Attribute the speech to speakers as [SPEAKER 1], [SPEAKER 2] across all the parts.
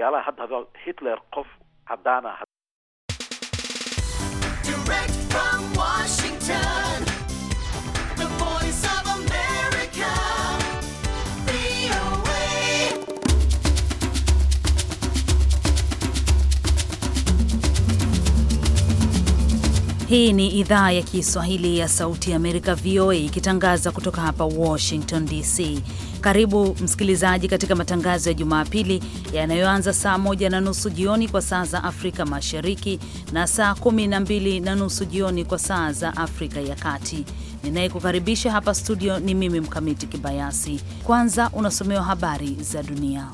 [SPEAKER 1] yaalaha hadda hitler qof caddaana
[SPEAKER 2] Hii ni idhaa ya Kiswahili ya Sauti ya Amerika, VOA, ikitangaza kutoka hapa Washington DC. Karibu msikilizaji katika matangazo ya Jumapili yanayoanza saa moja na nusu jioni kwa saa za Afrika Mashariki na saa kumi na mbili na nusu jioni kwa saa za Afrika ya Kati. Ninayekukaribisha hapa studio ni mimi Mkamiti Kibayasi. Kwanza unasomewa habari za dunia.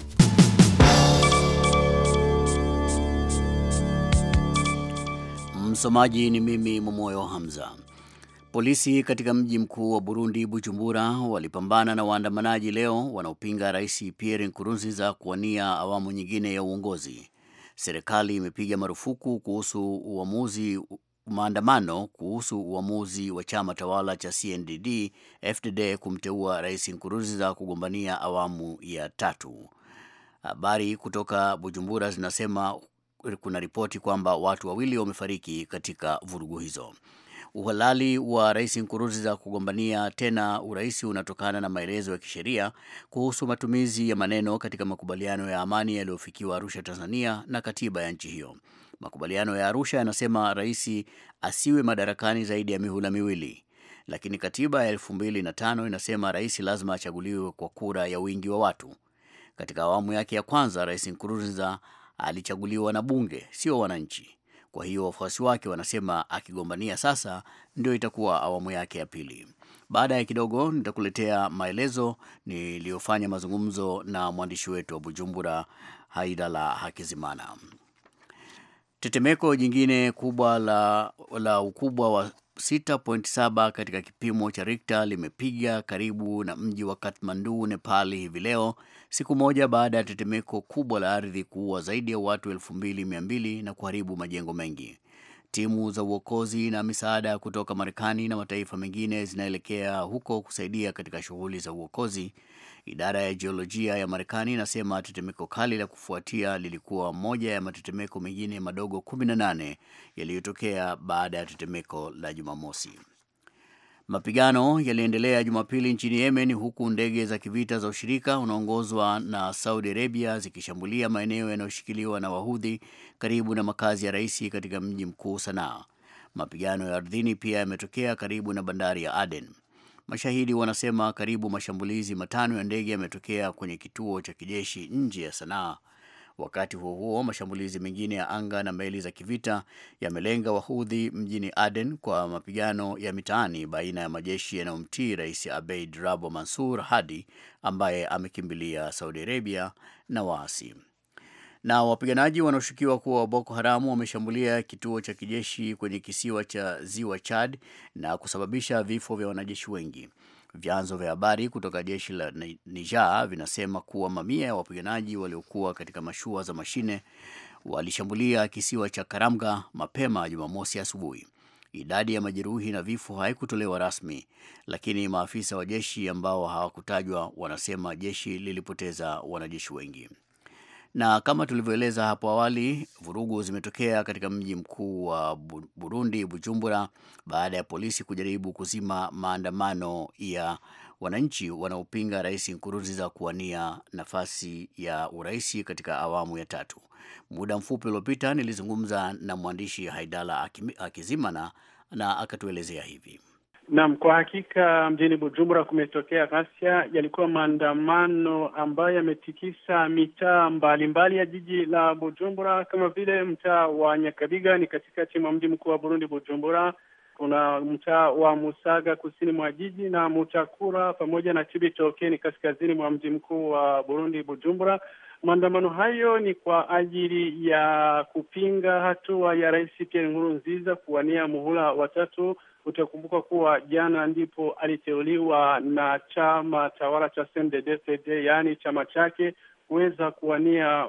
[SPEAKER 3] Msomaji ni mimi Momoyo Hamza. Polisi katika mji mkuu wa Burundi, Bujumbura, walipambana na waandamanaji leo wanaopinga Rais Pierre Nkurunziza kuwania awamu nyingine ya uongozi. Serikali imepiga marufuku kuhusu uamuzi maandamano kuhusu uamuzi wa chama tawala cha CNDD FDD kumteua Rais Nkurunziza kugombania awamu ya tatu. Habari kutoka Bujumbura zinasema kuna ripoti kwamba watu wawili wamefariki katika vurugu hizo. Uhalali wa Rais Nkurunziza kugombania tena urais unatokana na maelezo ya kisheria kuhusu matumizi ya maneno katika makubaliano ya amani yaliyofikiwa Arusha, Tanzania na katiba ya nchi hiyo. Makubaliano ya Arusha yanasema rais asiwe madarakani zaidi ya mihula miwili, lakini katiba ya tano inasema rais lazima achaguliwe kwa kura ya wingi wa watu. Katika awamu yake ya kwanza, Rais Nkurunziza alichaguliwa na bunge, sio wananchi. Kwa hiyo wafuasi wake wanasema akigombania sasa ndio itakuwa awamu yake ya pili. Baada ya kidogo nitakuletea maelezo niliyofanya mazungumzo na mwandishi wetu wa Bujumbura, haida la Hakizimana. Tetemeko jingine kubwa la, la ukubwa wa 6.7 katika kipimo cha Richter limepiga karibu na mji wa Kathmandu, nepal hivi leo, siku moja baada ya tetemeko kubwa la ardhi kuua zaidi ya watu 2200 na kuharibu majengo mengi. Timu za uokozi na misaada kutoka Marekani na mataifa mengine zinaelekea huko kusaidia katika shughuli za uokozi Idara ya jiolojia ya Marekani inasema tetemeko kali la kufuatia lilikuwa moja ya matetemeko mengine madogo 18 yaliyotokea baada ya tetemeko la Jumamosi. Mapigano yaliendelea Jumapili nchini Yemen, huku ndege za kivita za ushirika unaongozwa na Saudi Arabia zikishambulia maeneo yanayoshikiliwa na Wahudhi karibu na makazi ya rais katika mji mkuu Sanaa. Mapigano ya ardhini pia yametokea karibu na bandari ya Aden. Mashahidi wanasema karibu mashambulizi matano ya ndege yametokea kwenye kituo cha kijeshi nje ya Sanaa. Wakati huo huo, mashambulizi mengine ya anga na meli za kivita yamelenga wahudhi mjini Aden kwa mapigano ya mitaani baina ya majeshi yanayomtii Rais Abeid Rabo Mansur Hadi ambaye amekimbilia Saudi Arabia na waasi. Na wapiganaji wanaoshukiwa kuwa wa Boko Haramu wameshambulia kituo cha kijeshi kwenye kisiwa cha Ziwa Chad na kusababisha vifo vya wanajeshi wengi. Vyanzo vya habari kutoka jeshi la Niger vinasema kuwa mamia ya wapiganaji waliokuwa katika mashua za mashine walishambulia kisiwa cha Karamga mapema Jumamosi asubuhi. Idadi ya majeruhi na vifo haikutolewa rasmi, lakini maafisa wa jeshi ambao hawakutajwa wanasema jeshi lilipoteza wanajeshi wengi. Na kama tulivyoeleza hapo awali, vurugu zimetokea katika mji mkuu wa Burundi, Bujumbura, baada ya polisi kujaribu kuzima maandamano ya wananchi wanaopinga Rais Nkurunziza kuwania nafasi ya urais katika awamu ya tatu. Muda mfupi uliopita nilizungumza na mwandishi Haidala Akizimana na akatuelezea hivi.
[SPEAKER 1] Naam, kwa hakika mjini Bujumbura kumetokea ghasia. Yalikuwa maandamano ambayo yametikisa mitaa mbalimbali ya jiji la Bujumbura, kama vile mtaa wa Nyakabiga ni katikati mwa mji mkuu wa Burundi, Bujumbura. Kuna mtaa wa Musaga kusini mwa jiji na Mutakura pamoja na Cibitoke ni kaskazini mwa mji mkuu wa Burundi, Bujumbura. Maandamano hayo ni kwa ajili ya kupinga hatua ya Rais Pierre Nkurunziza kuwania muhula watatu Utakumbuka kuwa jana ndipo aliteuliwa na chama tawala cha CNDD-FDD, yaani chama chake kuweza kuwania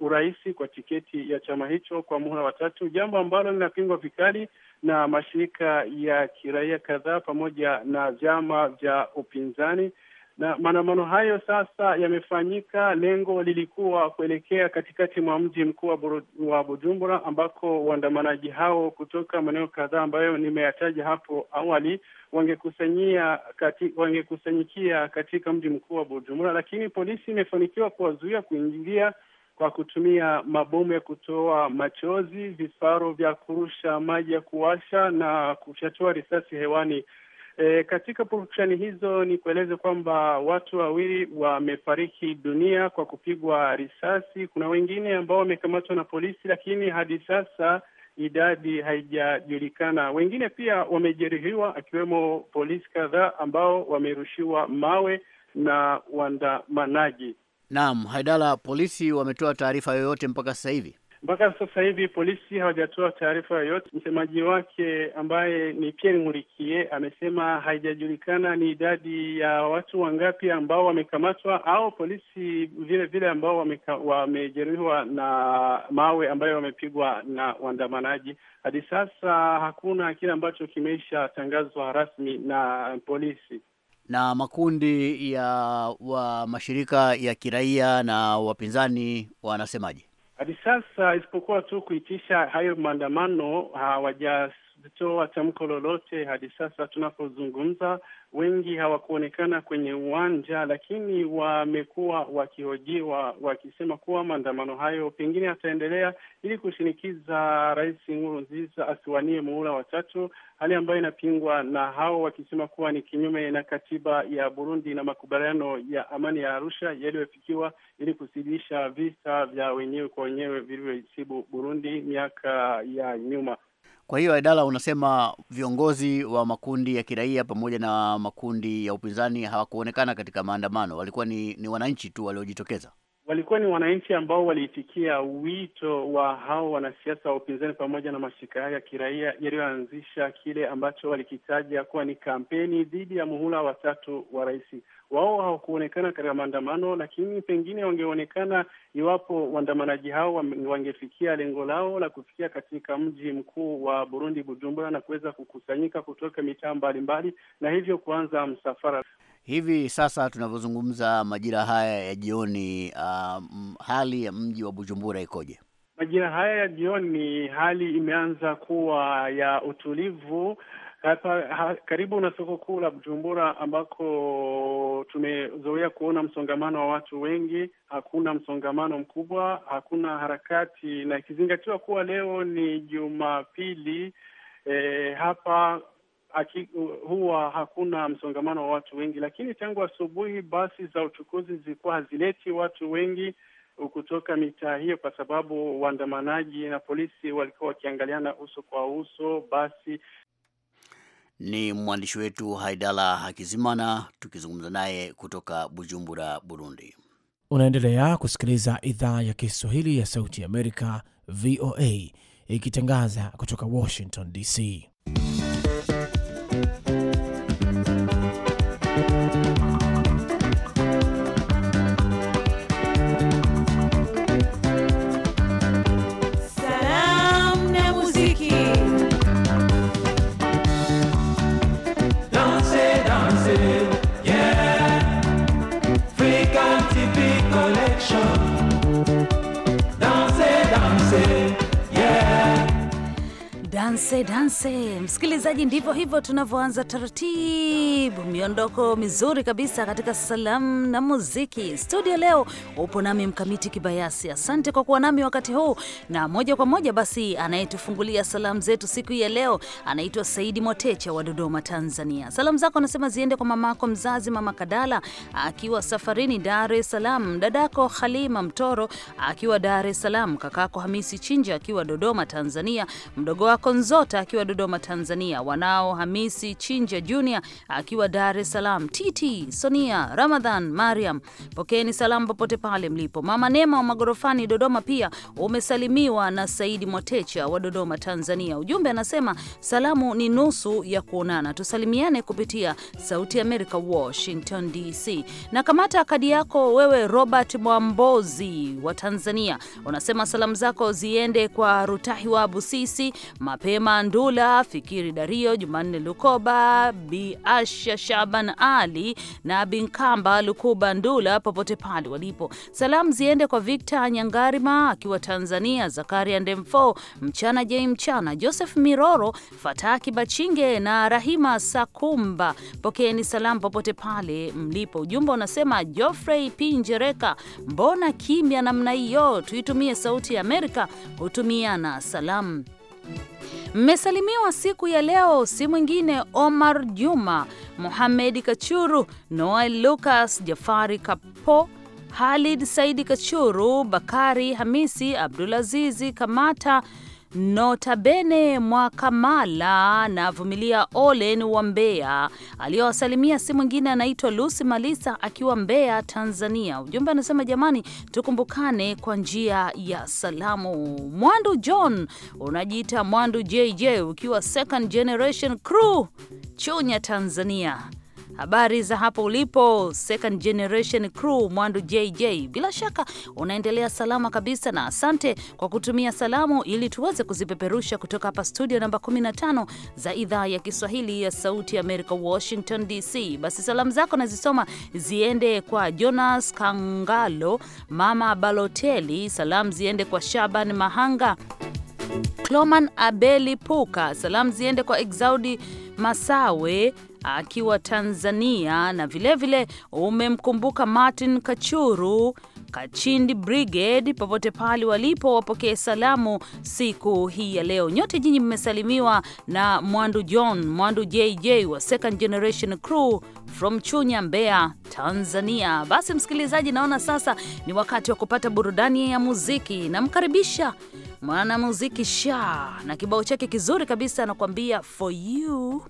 [SPEAKER 1] urais kwa tiketi ya chama hicho kwa muhula wa tatu, jambo ambalo linapingwa vikali na mashirika ya kiraia kadhaa pamoja na vyama vya upinzani na maandamano hayo sasa yamefanyika. Lengo lilikuwa kuelekea katikati mwa mji mkuu wa Bujumbura, ambako waandamanaji hao kutoka maeneo kadhaa ambayo nimeyataja hapo awali wangekusanyia kati, wangekusanyikia katika mji mkuu wa Bujumbura, lakini polisi imefanikiwa kuwazuia kuingilia kwa kutumia mabomu ya kutoa machozi, vifaro vya kurusha maji ya kuwasha na kufyatua risasi hewani. E, katika purukushani hizo ni kueleze kwamba watu wawili wamefariki dunia kwa kupigwa risasi. Kuna wengine ambao wamekamatwa na polisi, lakini hadi sasa idadi haijajulikana. Wengine pia wamejeruhiwa, akiwemo polisi kadhaa ambao wamerushiwa mawe na waandamanaji.
[SPEAKER 3] Naam, Haidala, polisi wametoa taarifa yoyote mpaka sasa hivi?
[SPEAKER 1] Mpaka sasa hivi polisi hawajatoa taarifa yoyote. Msemaji wake ambaye ni Pierre Ngurikie amesema haijajulikana ni idadi ya watu wangapi ambao wamekamatwa au polisi vile vile ambao wamejeruhiwa wame na mawe ambayo wamepigwa na waandamanaji. Hadi sasa hakuna kile ambacho kimeisha tangazwa rasmi na polisi
[SPEAKER 3] na makundi ya wa mashirika ya kiraia na wapinzani wanasemaje?
[SPEAKER 1] Hadi sasa isipokuwa tu kuitisha hayo maandamano, hawaja hawajatoa tamko lolote hadi sasa tunapozungumza. Wengi hawakuonekana kwenye uwanja, lakini wamekuwa wakihojiwa wakisema kuwa maandamano hayo pengine yataendelea ili kushinikiza Rais Nkurunziza asiwanie muhula watatu, hali ambayo inapingwa na hao wakisema kuwa ni kinyume na katiba ya Burundi na makubaliano ya amani ya Arusha yaliyofikiwa ili kusidisha visa vya wenyewe kwa wenyewe vilivyoisibu Burundi miaka ya nyuma.
[SPEAKER 3] Kwa hiyo Aidala, unasema viongozi wa makundi ya kiraia pamoja na makundi ya upinzani hawakuonekana katika maandamano, walikuwa ni, ni wananchi tu waliojitokeza.
[SPEAKER 1] Walikuwa ni wananchi ambao waliitikia wito wa hao wanasiasa wa upinzani pamoja na mashirika hayo ya kiraia yaliyoanzisha kile ambacho walikitaja kuwa ni kampeni dhidi ya muhula watatu wa rais wao hawakuonekana katika maandamano, lakini pengine wangeonekana iwapo waandamanaji hao wangefikia lengo lao la kufikia katika mji mkuu wa Burundi, Bujumbura, na kuweza kukusanyika kutoka mitaa mbalimbali na hivyo kuanza msafara.
[SPEAKER 3] Hivi sasa tunavyozungumza, majira haya ya jioni, um, hali ya mji wa Bujumbura ikoje?
[SPEAKER 1] Majira haya ya jioni hali imeanza kuwa ya utulivu. Hapa ha, karibu na soko kuu la Bujumbura ambako tumezoea kuona msongamano wa watu wengi, hakuna msongamano mkubwa, hakuna harakati, na ikizingatiwa kuwa leo ni Jumapili eh, hapa aki, huwa hakuna msongamano wa watu wengi, lakini tangu asubuhi basi za uchukuzi zilikuwa hazileti watu wengi kutoka mitaa hiyo, kwa sababu waandamanaji na polisi walikuwa wakiangaliana uso kwa uso.
[SPEAKER 3] Basi ni mwandishi wetu Haidala Hakizimana tukizungumza naye kutoka Bujumbura, Burundi. Unaendelea kusikiliza idhaa ya Kiswahili ya Sauti ya Amerika, VOA, ikitangaza kutoka Washington DC.
[SPEAKER 2] msikilizaji, ndivyo hivyo tunavyoanza taratibu miondoko mizuri kabisa katika salamu na muziki. Studio leo upo nami Mkamiti Kibayasi, asante kwa kuwa nami wakati huu, na moja kwa moja basi anayetufungulia salamu zetu siku hii ya leo anaitwa Saidi Mwatecha wa Dodoma, Tanzania. Salamu zako anasema ziende kwa mamako mzazi, mama Kadala akiwa safarini Dar es Salaam, dadako Halima Mtoro akiwa Dar es Salaam, kakako Hamisi Chinja akiwa Dodoma, Tanzania, mdogo wako Nzota akiwa Dodoma, Tanzania Sonia, wanao Hamisi Chinja Junior akiwa Dar es Salaam, Titi Sonia Ramadhan Mariam, pokeni salamu popote pale mlipo. Mama Nema wa Magorofani Dodoma pia umesalimiwa na Saidi Mwatecha wa Dodoma, Tanzania. Ujumbe anasema salamu ni nusu ya kuonana, tusalimiane kupitia Sauti ya Amerika, Washington DC. Na kamata kadi yako wewe, Robert Mwambozi wa Tanzania, unasema salamu zako ziende kwa Rutahiwa Busisi, Mapema Ndula, Fikiri Dario, Jumanne Lukoba, Bi Asha Shaban Ali na Binkamba Lukuba Ndula popote pale walipo. Salamu ziende kwa Victor Nyangarima akiwa Tanzania, Zakaria Ndemfo, Mchana Jei Mchana, Joseph Miroro, Fataki Bachinge na Rahima Sakumba. Pokeeni salamu popote pale mlipo. Ujumbe unasema Geoffrey Pinjereka, mbona kimya namna hiyo? Tuitumie Sauti ya Amerika hutumiana salamu. Mmesalimiwa siku ya leo, si mwingine Omar Juma, Mohamed Kachuru, Noel Lucas, Jafari Kapo, Halid Saidi Kachuru, Bakari Hamisi, Abdulazizi Kamata Notabene Mwakamala na Vumilia Olen wa Mbeya aliyowasalimia si mwingine anaitwa lusi Malisa akiwa Mbeya, Tanzania. Ujumbe anasema jamani, tukumbukane kwa njia ya salamu. Mwandu John unajiita Mwandu JJ ukiwa second generation crew Chunya, Tanzania Habari za hapo ulipo second generation crew, Mwandu JJ, bila shaka unaendelea salama kabisa, na asante kwa kutumia salamu ili tuweze kuzipeperusha kutoka hapa studio namba 15 za idhaa ya Kiswahili ya Sauti ya Amerika, Washington DC. Basi salamu zako nazisoma ziende kwa Jonas Kangalo, Mama Baloteli, salamu ziende kwa Shaban Mahanga, Cloman Abeli Puka, salamu ziende kwa Exaudi Masawe akiwa Tanzania, na vilevile umemkumbuka Martin Kachuru Kachindi Brigade popote pale walipo, wapokee salamu siku hii ya leo. Nyote nyinyi mmesalimiwa na Mwandu John Mwandu JJ wa Second Generation Crew from Chunya, Mbeya, Tanzania. Basi msikilizaji, naona sasa ni wakati wa kupata burudani ya muziki. Namkaribisha mwanamuziki Sha na kibao chake kizuri kabisa, anakuambia for you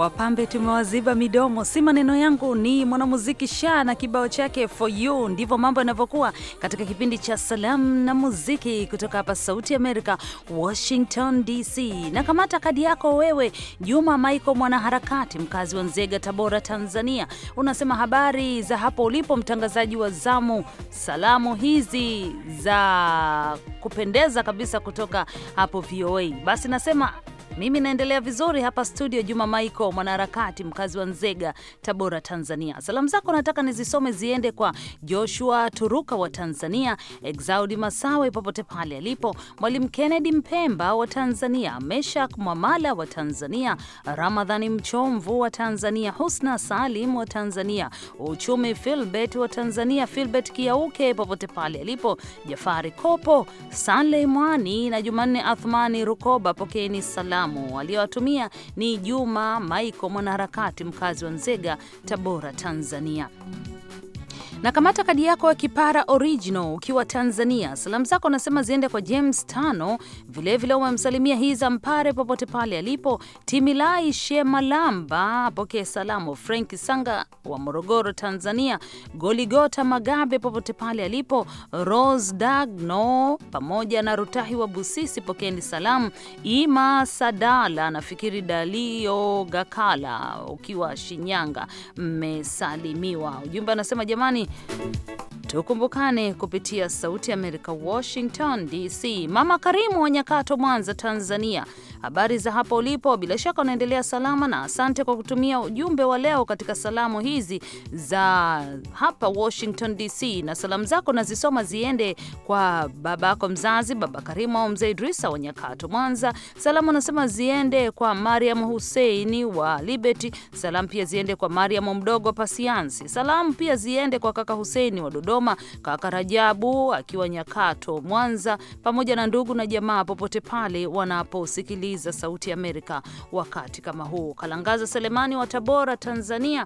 [SPEAKER 2] wapambe tumewaziba midomo, si maneno yangu, ni mwanamuziki sha na kibao chake for you. Ndivyo mambo yanavyokuwa katika kipindi cha salamu na muziki kutoka hapa Sauti Amerika, Washington DC. Na kamata kadi yako wewe, Juma Michael, mwanaharakati mkazi wa Nzega, Tabora, Tanzania. Unasema habari za hapo ulipo, mtangazaji wa zamu. Salamu hizi za kupendeza kabisa kutoka hapo VOA. Basi nasema mimi naendelea vizuri hapa studio. Juma Maiko, mwanaharakati mkazi wa Nzega, Tabora, Tanzania. Salamu zako nataka nizisome ziende kwa Joshua Turuka wa Tanzania, Exaudi Masawe popote pale alipo, Mwalimu Kennedy Mpemba wa Tanzania, Meshak Mwamala wa Tanzania, Ramadhani Mchomvu wa Tanzania, Husna Salim wa Tanzania, Uchumi Filbert wa Tanzania, Filbert Kiauke popote pale alipo, Jafari Kopo, Sanley Mwani na Jumanne Athmani Rukoba, pokeeni salamu salamu. Aliyowatumia ni Juma Maiko, mwanaharakati mkazi wa Nzega, Tabora, Tanzania. Na kamata kadi yako ya Kipara Original ukiwa Tanzania. Salamu zako nasema ziende kwa James Tano, vilevile umemsalimia Hiza Mpare popote pale alipo, Timilai Shemalamba apokee salamu, Frank Sanga wa Morogoro Tanzania, Goligota Magabe popote pale alipo, Rose Dagno pamoja na Rutahi wa Busisi, pokeeni salamu. Ima Sadala nafikiri Dalio Gakala ukiwa Shinyanga mmesalimiwa. Ujumbe anasema jamani, Tukumbukane kupitia Sauti ya Amerika, Washington DC. Mama Karimu wa Nyakato, Mwanza, Tanzania, Habari za hapo ulipo, bila shaka unaendelea salama, na asante kwa kutumia ujumbe wa leo katika salamu hizi za hapa Washington DC, na salamu zako nazisoma ziende kwa babako mzazi, baba Karimu au mzee Idrisa wa Nyakato, Mwanza. Salamu nasema ziende kwa Mariam Huseini wa Liberty. Salamu pia ziende kwa Mariam mdogo Pasiansi. Salamu pia ziende kwa kaka Huseini wa Dodoma, kaka Rajabu akiwa Nyakato, Mwanza, pamoja na ndugu na jamaa popote pale wanaposikiliza kusikiliza Sauti ya Amerika wakati kama huu. Kalangaza Selemani wa Tabora, Tanzania.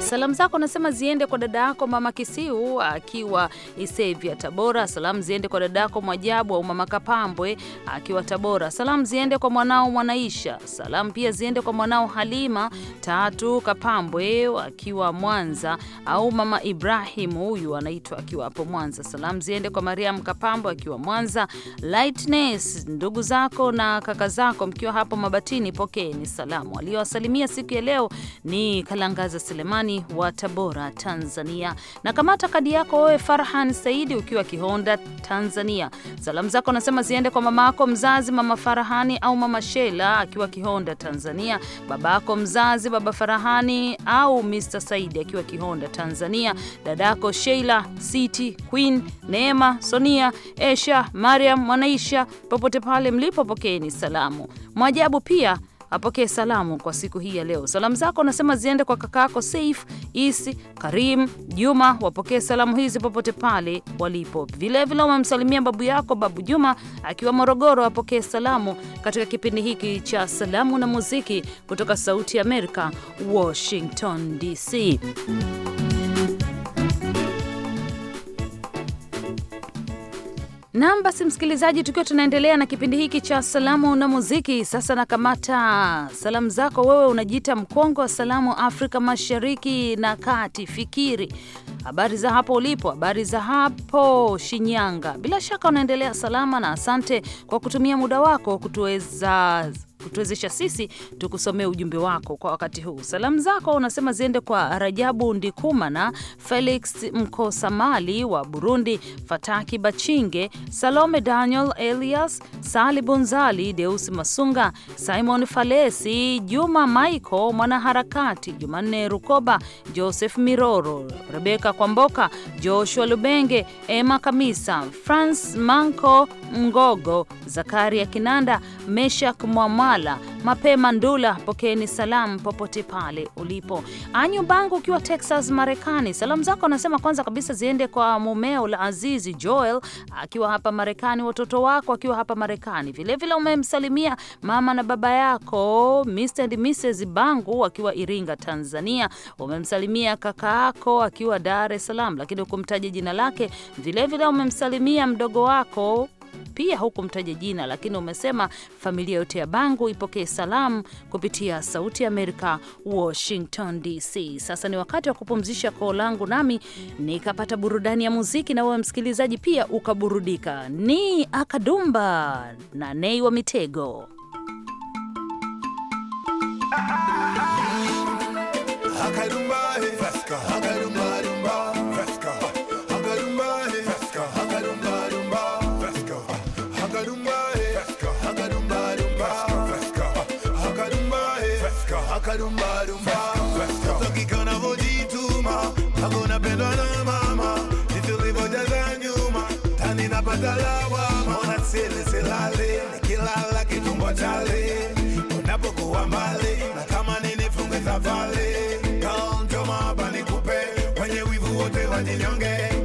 [SPEAKER 2] Salamu zako nasema ziende kwa dada yako mama Kisiu akiwa Isevya Tabora. Salamu ziende kwa dada yako Mwajabu au mama Kapambwe akiwa Tabora. Salamu ziende kwa mwanao Mwanaisha. Salamu pia ziende kwa mwanao Halima Tatu Kapambwe akiwa Mwanza au mama Ibrahim, huyu anaitwa akiwa hapo Mwanza. Salamu ziende kwa Mariam Kapambwe akiwa Mwanza. Lightness, ndugu zako na kaka zako mkiwa hapo Mabatini, pokeeni salamu. Aliyowasalimia siku ya leo ni Kalangaza Selemani wa Tabora, Tanzania. Na kamata kadi yako wewe, Farhan Saidi, ukiwa Kihonda, Tanzania. Salamu zako nasema ziende kwa mama mamako mzazi, mama Farahani au mama Shela akiwa Kihonda, Tanzania, baba babako mzazi, baba Farahani au Mr Saidi akiwa Kihonda, Tanzania, dadako Sheila, City Queen, Neema, Sonia, Esha, Mariam, Mwanaisha, popote pale mlipo, pokeeni salamu. Mwajabu pia apokee salamu kwa siku hii ya leo. Salamu zako unasema ziende kwa kakako Saif Isi Karim Juma, wapokee salamu hizi popote pale walipo. Vilevile wamemsalimia babu yako babu Juma akiwa Morogoro, apokee salamu katika kipindi hiki cha salamu na muziki kutoka Sauti ya Amerika, Washington DC. Nam, basi msikilizaji, tukiwa tunaendelea na kipindi hiki cha salamu na muziki, sasa nakamata salamu zako. Wewe unajiita mkongo wa salamu Afrika Mashariki na Kati, Fikiri. Habari za hapo ulipo, habari za hapo Shinyanga. Bila shaka unaendelea salama, na asante kwa kutumia muda wako kutuweza kutuwezesha sisi tukusomee ujumbe wako kwa wakati huu. Salamu zako unasema ziende kwa Rajabu Ndikumana, Felix Mkosamali wa Burundi, Fataki Bachinge, Salome Daniel, Elias Sali Bunzali, Deusi Masunga, Simon Falesi, Juma maico mwanaharakati, Jumanne Rukoba, Joseph Miroro, Rebeka Kwamboka, Joshua Lubenge, Emma Kamisa, Franc Manco Ngogo, Zakaria Kinanda, Meshak Mwamala, Mapema Ndula, pokeeni salamu popote pale ulipo. Anyu Bangu ukiwa Texas, Marekani, salamu zako anasema kwanza kabisa ziende kwa mumeo la Azizi Joel akiwa hapa Marekani, watoto wako akiwa hapa Marekani, vilevile umemsalimia mama na baba yako Mr. and Mrs. Bangu akiwa Iringa, Tanzania. Umemsalimia kaka yako akiwa Dar es Salaam, lakini ukumtaja jina lake. Vilevile umemsalimia mdogo wako pia hukumtaja jina, lakini umesema familia yote ya Bangu ipokee salamu kupitia Sauti ya Amerika, Washington DC. Sasa ni wakati wa kupumzisha koo langu, nami nikapata burudani ya muziki, na wewe msikilizaji pia ukaburudika. Ni Akadumba na Nei wa Mitego.
[SPEAKER 4] Ah, ah, ah. akadumba dumba toki navojituma ako napendwa na mama vitulivyoja za nyuma tani patalawama lawama onaseleselale nikilala kitumbo chale unapokuwa mbali na kama ninifunge safari kaonjoma hapa nikupe wivu wote wajinyonge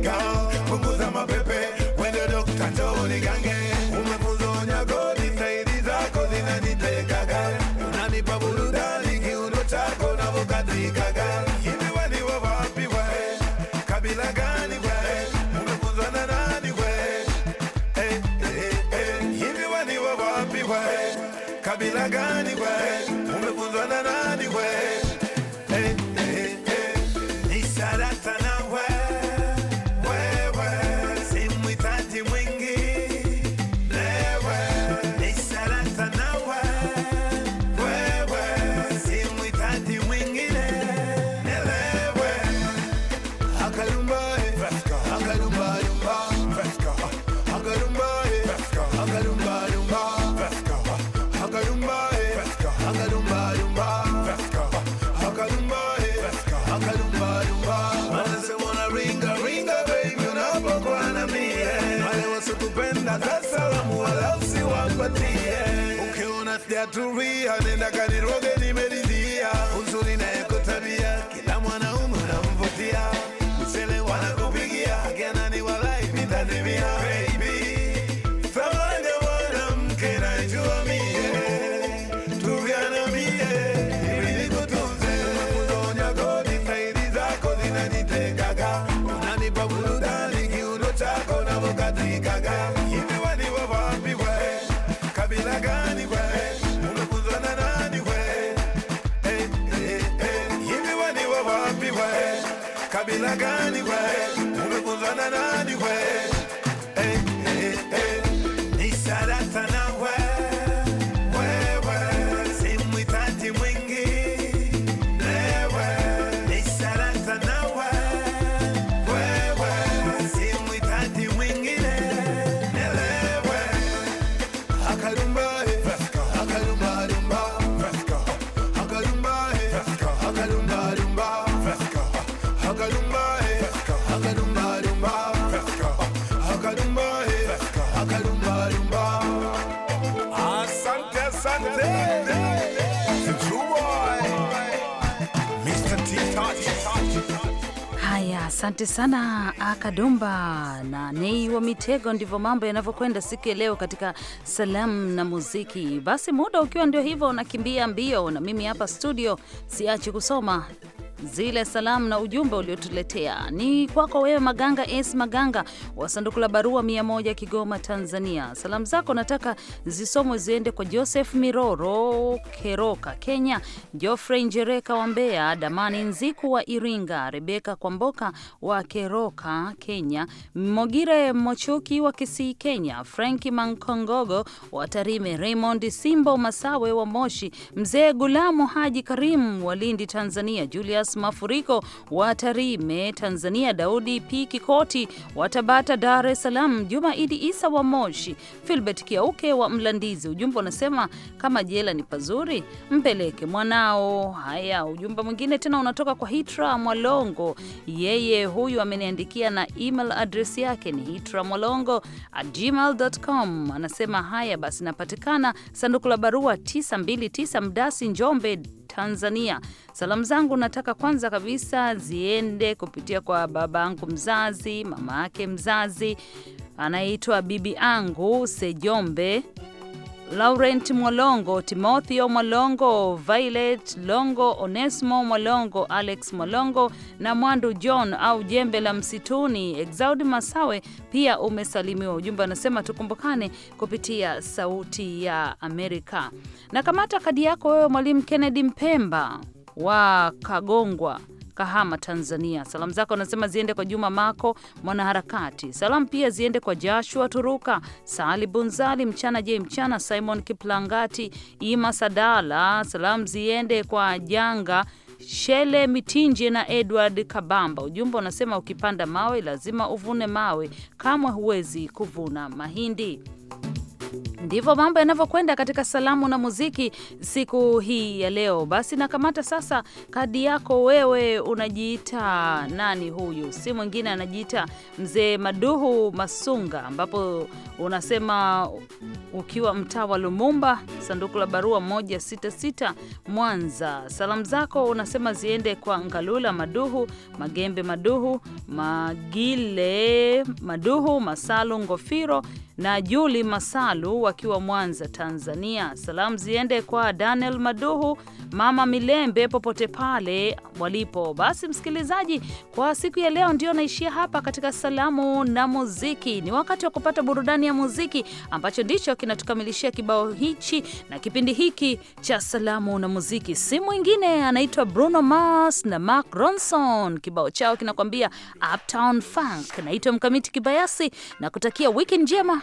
[SPEAKER 4] to re and then I got it rugged
[SPEAKER 2] Haya, asante sana akadumba na Nei wa Mitego. Ndivyo mambo yanavyokwenda siku ya leo katika salamu na muziki. Basi muda ukiwa ndio hivyo unakimbia mbio, na mimi hapa studio siachi kusoma zile salamu na ujumbe uliotuletea. Ni kwako wewe Maganga S Maganga wa sanduku la barua mia moja Kigoma, Tanzania. Salamu zako nataka zisomwe ziende kwa Joseph Miroro Keroka, Kenya, Geoffrey Njereka wa Mbeya, Damani Nziku wa Iringa, Rebeka Kwamboka wa Keroka, Kenya, Mogire Mochuki wa Kisii, Kenya, Franki Mankongogo wa Tarime, Raymond Simbo Masawe wa Moshi, Mzee Gulamu Haji Karimu wa Lindi, Tanzania, Julius Mafuriko wa Tarime, Tanzania, Daudi P Kikoti wa Tabata, Dar es Salaam, Juma Idi Isa wa Moshi, Filbert Kiauke wa Mlandizi. Ujumbe unasema kama jela ni pazuri, mpeleke mwanao. Haya, ujumbe mwingine tena unatoka kwa Hitra Mwalongo, yeye huyu ameniandikia na email address yake ni hitra mwalongo at gmail.com. Anasema haya basi, napatikana sanduku la barua 929 Mdasi, Njombe Tanzania. Salamu zangu nataka kwanza kabisa ziende kupitia kwa baba angu mzazi, mama yake mzazi anaitwa bibi angu Sejombe Laurent Mwalongo, Timotheo Mwalongo, Violet Longo, Onesmo Mwalongo, Alex Mwalongo na Mwandu John au Jembe la Msituni. Exaudi Masawe pia umesalimiwa. Ujumbe anasema tukumbukane kupitia Sauti ya Amerika. Na kamata kadi yako wewe, Mwalimu Kennedy Mpemba wa Kagongwa Kahama, Tanzania. Salamu zako anasema ziende kwa Juma Mako mwanaharakati. Salamu pia ziende kwa Joshua Turuka, Sali Bunzali, Mchana J Mchana, Simon Kiplangati, Ima Sadala. Salamu ziende kwa Janga Shele Mitinje na Edward Kabamba. Ujumbe unasema ukipanda mawe lazima uvune mawe, kamwe huwezi kuvuna mahindi. Ndivyo mambo yanavyokwenda katika salamu na muziki siku hii ya leo. Basi nakamata sasa kadi yako wewe, unajiita nani? Huyu si mwingine, anajiita Mzee Maduhu Masunga, ambapo unasema ukiwa mtaa wa Lumumba, sanduku la barua 166 Mwanza. Salamu zako unasema ziende kwa Ngalula Maduhu, Magembe Maduhu, Magile Maduhu, Masalu Ngofiro na Juli Masalu wakiwa Mwanza, Tanzania. Salamu ziende kwa Daniel Maduhu, Mama Milembe popote pale walipo. Basi msikilizaji, kwa siku ya leo ndio naishia hapa katika salamu na muziki. Ni wakati wa kupata burudani ya muziki, ambacho ndicho kinatukamilishia kibao hichi na kipindi hiki cha salamu na muziki. Si mwingine anaitwa Bruno Mars na Mark Ronson, kibao chao kinakwambia Uptown Funk. Naitwa Mkamiti Kibayasi na kutakia wiki njema.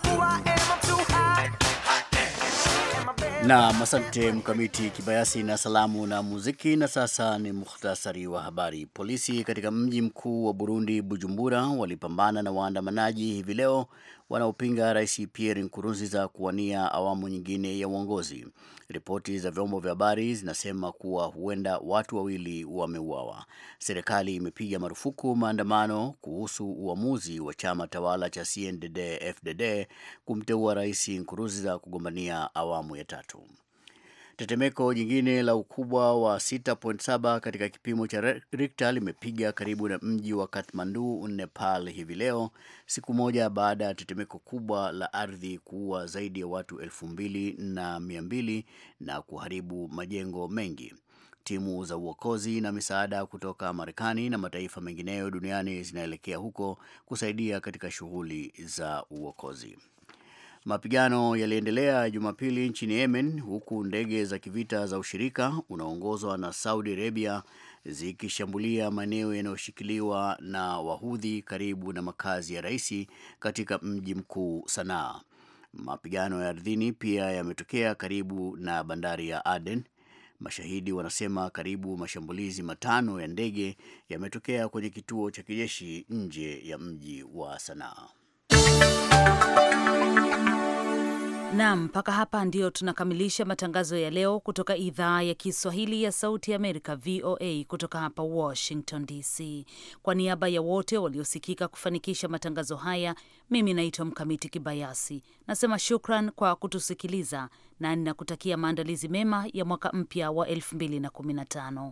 [SPEAKER 4] I am.
[SPEAKER 3] Nam, asante Mkamiti Kibayasi na salamu na muziki. Na sasa ni muhtasari wa habari. Polisi katika mji mkuu wa Burundi, Bujumbura, walipambana na waandamanaji hivi leo wanaopinga Rais Pierre Nkurunziza kuwania awamu nyingine ya uongozi. Ripoti za vyombo vya habari zinasema kuwa huenda watu wawili wameuawa. Serikali imepiga marufuku maandamano kuhusu uamuzi wa chama tawala cha CNDD-FDD kumteua Rais Nkurunziza kugombania awamu ya tatu tatu. Tetemeko jingine la ukubwa wa 6.7 katika kipimo cha Richter limepiga karibu na mji wa Kathmandu, Nepal hivi leo, siku moja baada ya tetemeko kubwa la ardhi kuua zaidi ya watu elfu na na kuharibu majengo mengi. Timu za uokozi na misaada kutoka Marekani na mataifa mengineyo duniani zinaelekea huko kusaidia katika shughuli za uokozi. Mapigano yaliendelea Jumapili nchini Yemen, huku ndege za kivita za ushirika unaoongozwa na Saudi Arabia zikishambulia maeneo yanayoshikiliwa na Wahudhi karibu na makazi ya rais katika mji mkuu Sanaa. Mapigano ya ardhini pia yametokea karibu na bandari ya Aden. Mashahidi wanasema karibu mashambulizi matano ya ndege yametokea kwenye kituo cha kijeshi nje ya mji wa Sanaa. Nam, mpaka hapa ndio
[SPEAKER 2] tunakamilisha matangazo ya leo kutoka idhaa ya Kiswahili ya Sauti ya Amerika, VOA, kutoka hapa Washington DC. Kwa niaba ya wote waliosikika kufanikisha matangazo haya, mimi naitwa Mkamiti Kibayasi, nasema shukran kwa kutusikiliza na ninakutakia maandalizi mema ya mwaka mpya wa 2015.